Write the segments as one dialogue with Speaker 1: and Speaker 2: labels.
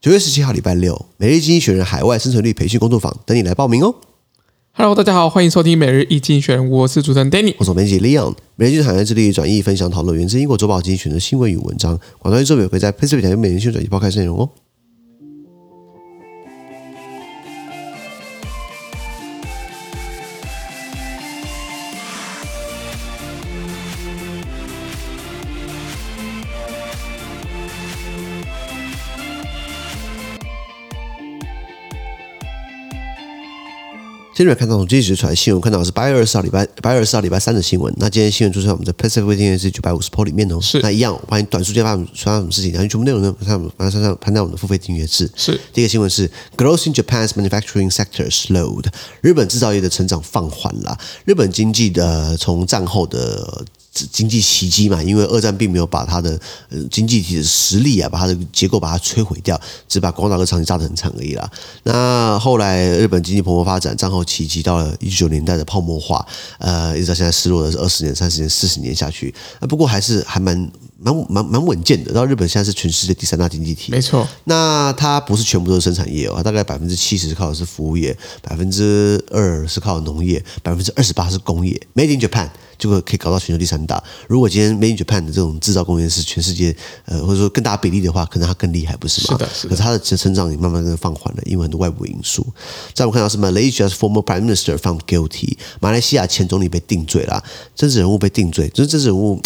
Speaker 1: 九月十七號，禮拜六，每日一經濟學人海外生存率培訓工作坊，等你來報名哦。Hello，大家好，歡迎收聽每日一經濟學人，我是主持人 Danny，我是編輯 Leon。每日一經濟學人致力轉譯分享討論，源自英國《周報》經濟學人的新聞與文章。廣告與合作可以在 PressPlay 有每日一經濟學人轉譯報開始內容哦。今天看到統一集出來的新聞，我看到我是八月二十四號禮拜八月二十四號禮拜三的新聞。那今天新聞出現，我們的 p a c i f i c n i m 訂閱是九百五十塊裡面哦。是那一樣歡迎短時間發表什麼事情，然後全部內容呢，馬上馬上上傳到我們的付費訂閱制。是，第一個新聞是 Growth in Japan's manufacturing sector slowed，日本製造業的成長放緩了。日本經濟的從戰後的。經濟奇蹟嘛，因為二戰並沒有把它的呃經濟體的實力啊，把它的結構把它摧毀掉，只把廣島和長崎炸得很慘而已啦。那後來日本經濟蓬勃發展，戰後奇迹到了一九年代的泡沫化，呃，一直到現在失落的是二十年、三十年、四十年下去，不過還是還蠻蠻蠻蠻,蠻穩健的。然後日本現在是全世界第三大經濟體，沒錯。那它不是全部都是生產業哦，大概百分之七十是靠的是服務業，百分之二是靠農業，百分之二十八是工業。Made in Japan。就可以搞到全球第三大。如果今天 Made in Japan 的這種製造工業是全世界，呃，或者說更大比例的話，可能它更厲害，不是嗎？是的，是的。可是它的成長也慢慢的放緩了，因為很多外部因素。再我們看到什麼 Malaysia's Former Prime Minister Found Guilty，馬來西亞前總理被定罪了，政治人物被定罪，就是政治人物。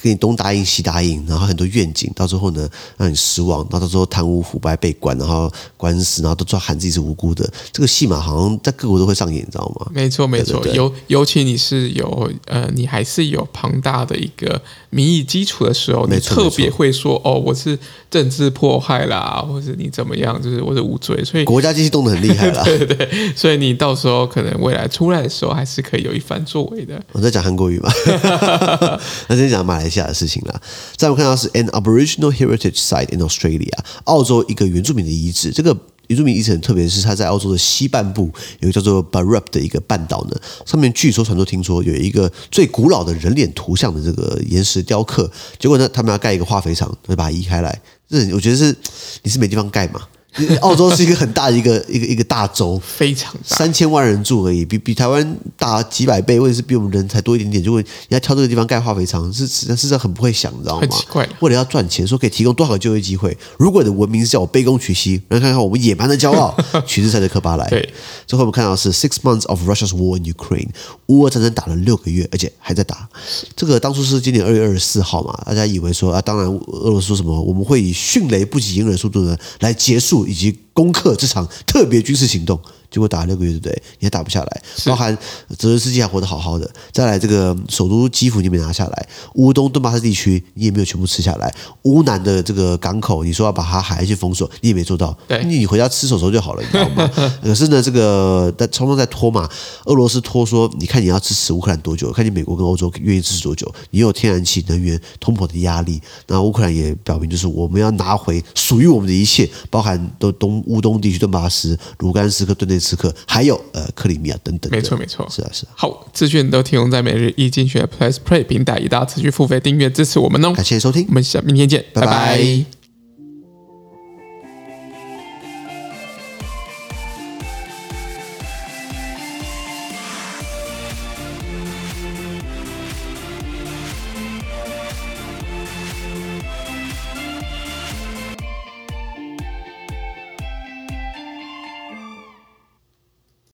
Speaker 1: 跟你東答應西答應，然後很多願景，到最後呢，讓你失望。然後到時候貪污腐敗被關，然後官司，然後都抓喊自己是無辜的。這個戲碼好像在各國都會上演，你知道嗎？沒錯，沒錯。尤尤其你是
Speaker 2: 有呃，你還是有龐大的一個民意基礎的時候，沒錯，你特別會說，沒錯。哦，我是政治迫害啦，或者是你怎麼樣，就是我是無罪。所以國家機器動得很厲害啦。 對對對。所以你到時候可能未來出來的時候，還是可以有一番作為的。
Speaker 1: 我、哦、在講韓國語嘛， 那在講馬來。下的事情了。再來看到是 an Aboriginal heritage site in Australia，澳洲一個原住民的遺址。這個原住民遺址，很特別是它在澳洲的西半部有個叫做 Burrup 的一個半島呢，上面據說、傳說、聽說有一個最古老的人臉圖像的這個岩石雕刻。結果呢，他們要蓋一個化肥廠，就把它移開來。這我覺得是你是沒地方蓋嘛。澳洲是一個很大的一個 一個一個，一個大洲，非常大，三千萬人住而已，比比台灣大幾百倍，或者是比我們人才多一點點，就問人家挑這個地方蓋化肥廠，是實際上很不會想，你知道嗎？為了要賺錢，說可以提供多少個就業機會。如果你的文明是叫我卑躬屈膝，來看看我們野蠻的驕傲，取自賽德克巴萊。 對，最後我們看到是 six months of Russia's war in Ukraine，烏俄戰爭打了六個月，而且還在打。這個當初是今年二月二十四號嘛，大家以為說啊，當然俄羅斯說什麼，我們會以迅雷不及掩耳的速度呢來結束。以及。攻克這場特別軍事行動，結果打了六個月，對不對？也打不下來。是包含澤連斯基還活得好好的。再來，這個首都基輔你沒拿下來，烏東頓巴斯地區你也沒有全部吃下來，烏南的這個港口，你說要把它海岸線封鎖，你也沒做到。對你回家吃手手就好了，你知道嗎？ 可是呢，這個通通在雙方在拖嘛，俄羅斯拖說，你看你要支持烏克蘭多久？看你美國跟歐洲願意支持多久？你有天然氣能源、通膨的壓力。那烏克蘭也表明，就是我們要拿回屬於我們的一切，包含都東。烏東地區頓巴斯、盧甘斯克、頓涅茨克，還有呃克里米亞等等沒錯。沒錯，沒錯、啊，是啊，是
Speaker 2: 好資訊都提供在每日一經濟學人 PressPlay 平台，一大家持續付費訂閱支持我們哦。感謝收聽，我們下明天見，拜拜。拜拜